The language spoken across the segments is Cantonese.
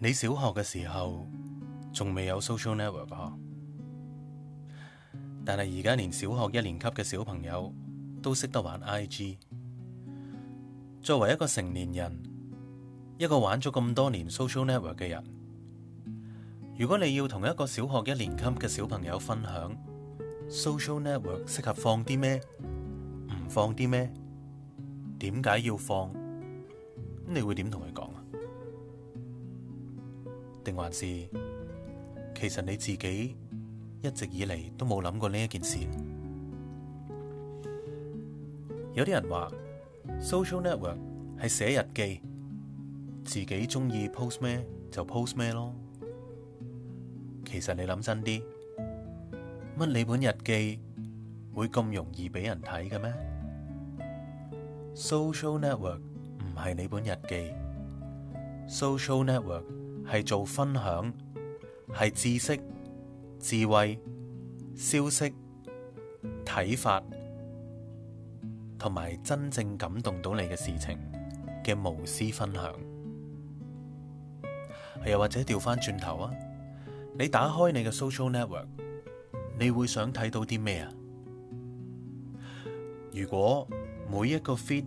你小學嘅時候仲未有 social network，啊，但係而家連小學一年級嘅小朋友都識得玩 IG。作為一個成年人，一個玩咗咁多年 social network 嘅人，如果你要同一個小學一年級嘅小朋友分享 social network 適合放啲咩，唔放啲咩，點解要放，你會點同佢講啊？定還是，其實你自己一直以嚟都冇諗過呢一件事。有啲人話 social network 係寫日記，自己中意 post 咩就 post 咩咯。其實你諗真啲，乜你本日記會咁容易俾人睇嘅咩？social network 唔係你本日記，social network。係做分享，係知識、智慧、消息、睇法，同埋真正感動到你嘅事情嘅無私分享。又或者調翻轉頭啊，你打開你嘅 social network，你會想睇到啲咩啊？如果每一個 feed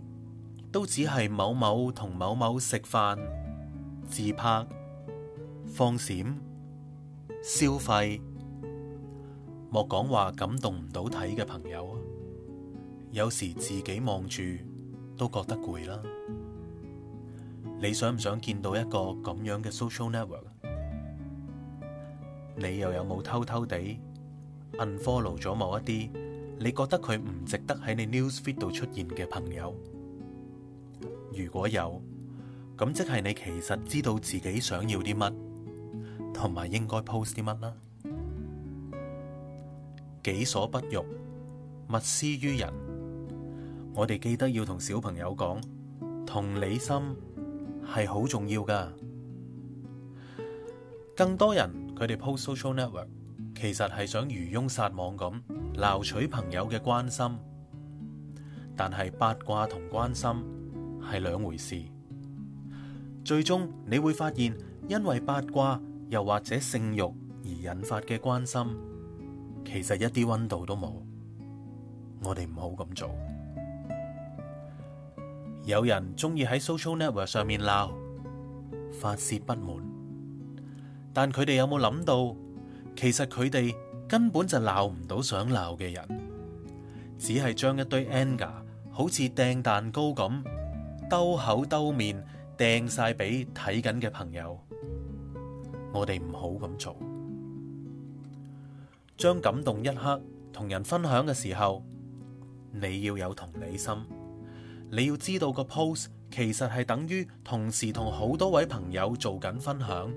都只係某某同某某食飯、自拍。放閃消費，莫講話感動唔到睇嘅朋友啊！有時自己望住都覺得攰啦。你想唔想見到一個咁樣嘅 social network？你又有冇偷偷地 unfollow 咗某一啲你覺得佢唔值得喺你 news feed 度出現嘅朋友？如果有，咁即係你其實知道自己想要啲乜。同埋應該 post 啲乜啦？己所不欲，勿施於人。我哋記得要同小朋友講，同理心係好重要㗎。更多人佢哋 post social network，其實係想漁翁撒網咁，撈取朋友嘅關心。但係八卦同關心係兩回事。最終你會發現，因為八卦。又或者性慾而引發嘅關心，其實一啲溫度都冇。我哋唔好咁做。有人中意喺 social network 上面鬧，發泄不滿，但佢哋有冇諗到？其實佢哋根本就鬧唔到想鬧嘅人，只係將一堆 anger 好似掟蛋糕咁，兜口兜面掟晒俾睇緊嘅朋友。我哋唔好咁做，將感動一刻同人分享嘅時候，你要有同理心，你要知道個 post 其實係等於同時同好多位朋友做緊分享，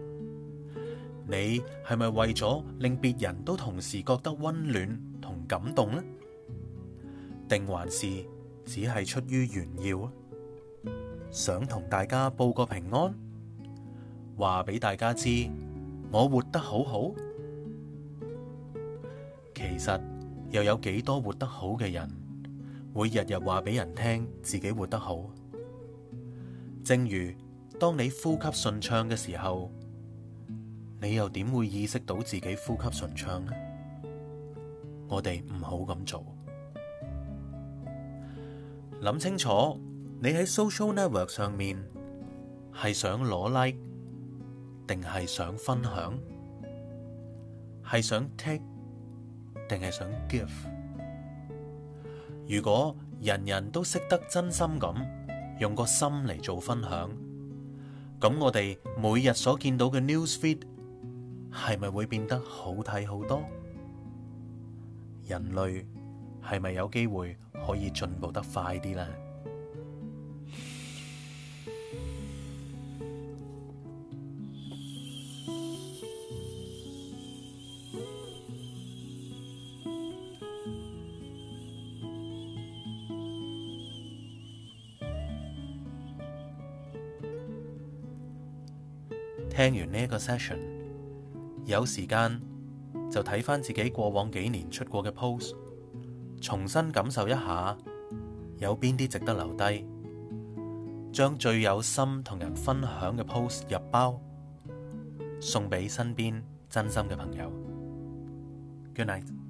你係咪為咗令別人都同時覺得溫暖同感動呢？定還是只係出於炫耀？想同大家報個平安，話俾大家知。我活得好好，其實又有幾多活得好嘅人會日日話俾人聽自己活得好？正如當你呼吸順暢嘅時候，你又點會意識到自己呼吸順暢呢？我哋唔好咁做，諗清楚，你喺 social network 上面係想攞 like。定係想分享？係想 take，定係想 give？如果人人都識得真心咁，用個心嚟做分享，咁我哋每日所見到嘅 news feed 係咪會變得好睇好多？人類係咪有機會可以進步得快啲呢？聽完呢個 session，有時間就睇翻自己過往幾年出過嘅 post，重新感受一下有邊啲值得留低，將最有心同人分享嘅 post 入包，送俾身邊真心嘅朋友。Good night。